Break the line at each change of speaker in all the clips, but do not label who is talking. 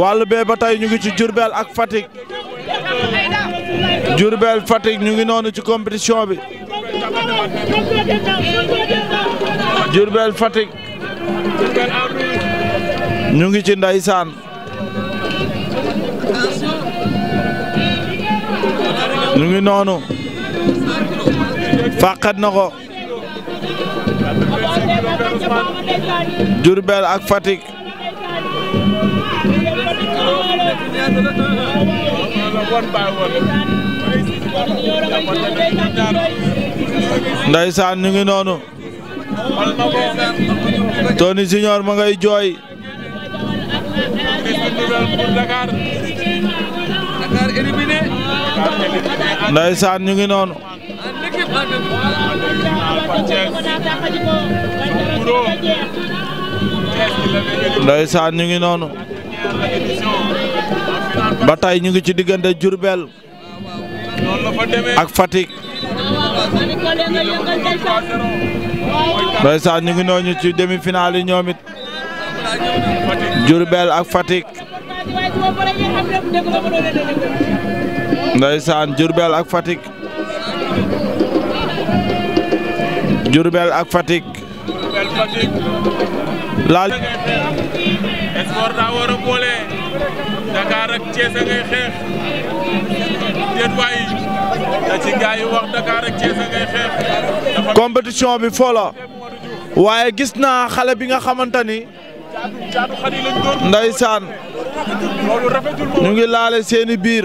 wàllu
bee ba tey ñu ngi ci Diourbel ak Fatick Diourbel Fatick ñu ngi noonu ci compétition bi Diourbel Fatick ñu ngi ci ndeysaan ñu ngi noonu fàqat na ko Diourbel ak Fatick Ndeysaan ñu ngi noonu. Tony Junior ma ngay jooy. Ndeysaan ñu ngi noonu. Ndeysaan ñu ngi noonu. ba tey ñu ngi ci diggante Diourbel ak Fatick ndeysaan ñu ngi nooñu ci demi-finale yi ñoom ak Fatick ndeysaan Diourbel ak Fatick Diourbel ak Fatick laal
sport daa war boole
Dakar bi foo waaye gis naa xale bi nga xamante ni ndeysaan ñu ngi laale seeni biir.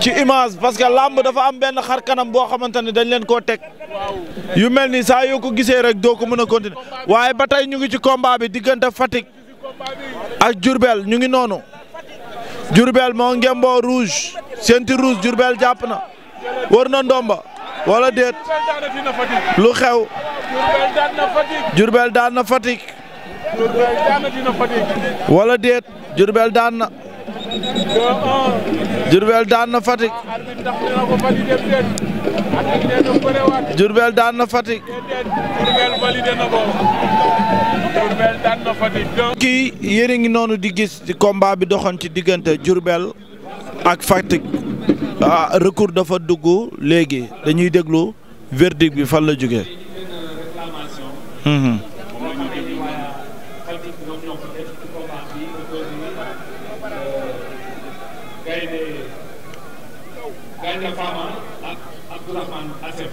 ci image parce que làmb dafa am benn xar kanam boo xamante ne dañ leen koo teg yu mel ni saa yoo ko gisee rek doo ko mën a continuer waaye ba tey ñu ngi ci combat bi diggante Fatick ak Diourbel ñu ngi noonu Diourbel moo ngemboo rouge ceinture rouge Diourbel jàpp na wër na ndomba wala déet lu xew Diourbel daan na Fatick wala déet Diourbel daan na Diourbel daan na Fatick Diourbel daan a ngi noonu di gis ci komba bi doxoon ci diggante Diourbel ak Fatick ah, recours dafa dugg léegi dañuy déglu verdict bi fan la jóge hmm, hmm.
gaynde gaynde Fama ak Abdourahmane Assef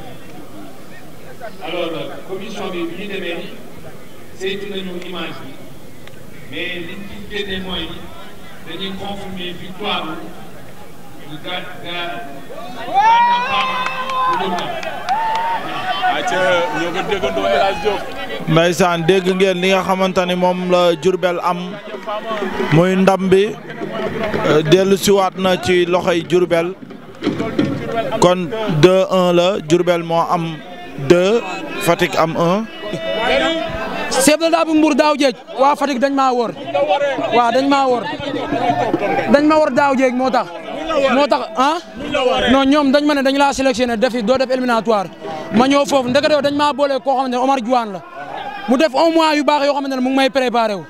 alors commission bi bi ñu demee ni nañu image bi mais liñ ci mooy dañuy confirmer victoire
du ga ga. ayca ñoo ko déggandoo El Hadj
ndeysaan dégg ngeen li nga xamante ni moom la Jurbel am muy ndam bi euh, dellu siwaat na ci loxoy Jurbel kon 2-1 la Jurbel moo am 2 Fatick am 1.
chef de daa bu Mbour daaw jeej waa Fatick dañ maa wor waaw dañ maa wor ma wor daaw jeej moo tax moo tax ah non ñoom dañ ma ne dañ laa sélectionné defi doo def éliminatoire ma ñëw foofu ndeketewoo dañ maa boole koo xam ne Omar Diouane la mu def un mois yu baax yoo xamante ne mu ngi may préparé wu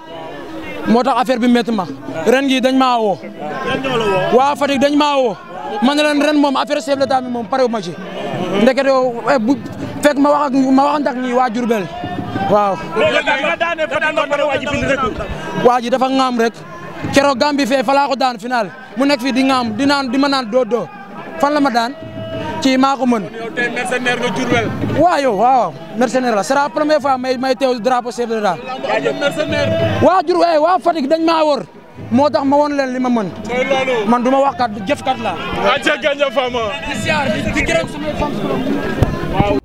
moo tax affaire bi métti ma ren gi dañ ma woo waa Fatick dañ maa woo man leen ren moom affaire chef d'état bi moom pare ma ci ndeket yow eh, bu ma wax ak ma wax ak ñi waa Diourbel waaw. waa ji dafa ŋaam rek keroog Gambie fee fa laa ko daan final mu nekk fii di ŋaam di naan di ma naan doo doo fan la ma daan. ci maa ko mën. yow tey mercenaire nga Diourbel. waaw yow waaw mercenaire la c'est la première fois may may teew drapeau chef de l'État. jaajëf waa Diourbel eh, waa dañ maa wër. moo tax ma woon le li ma mën. man du ma wax kat jëf kat laa. waa Dieng Gagny Fama.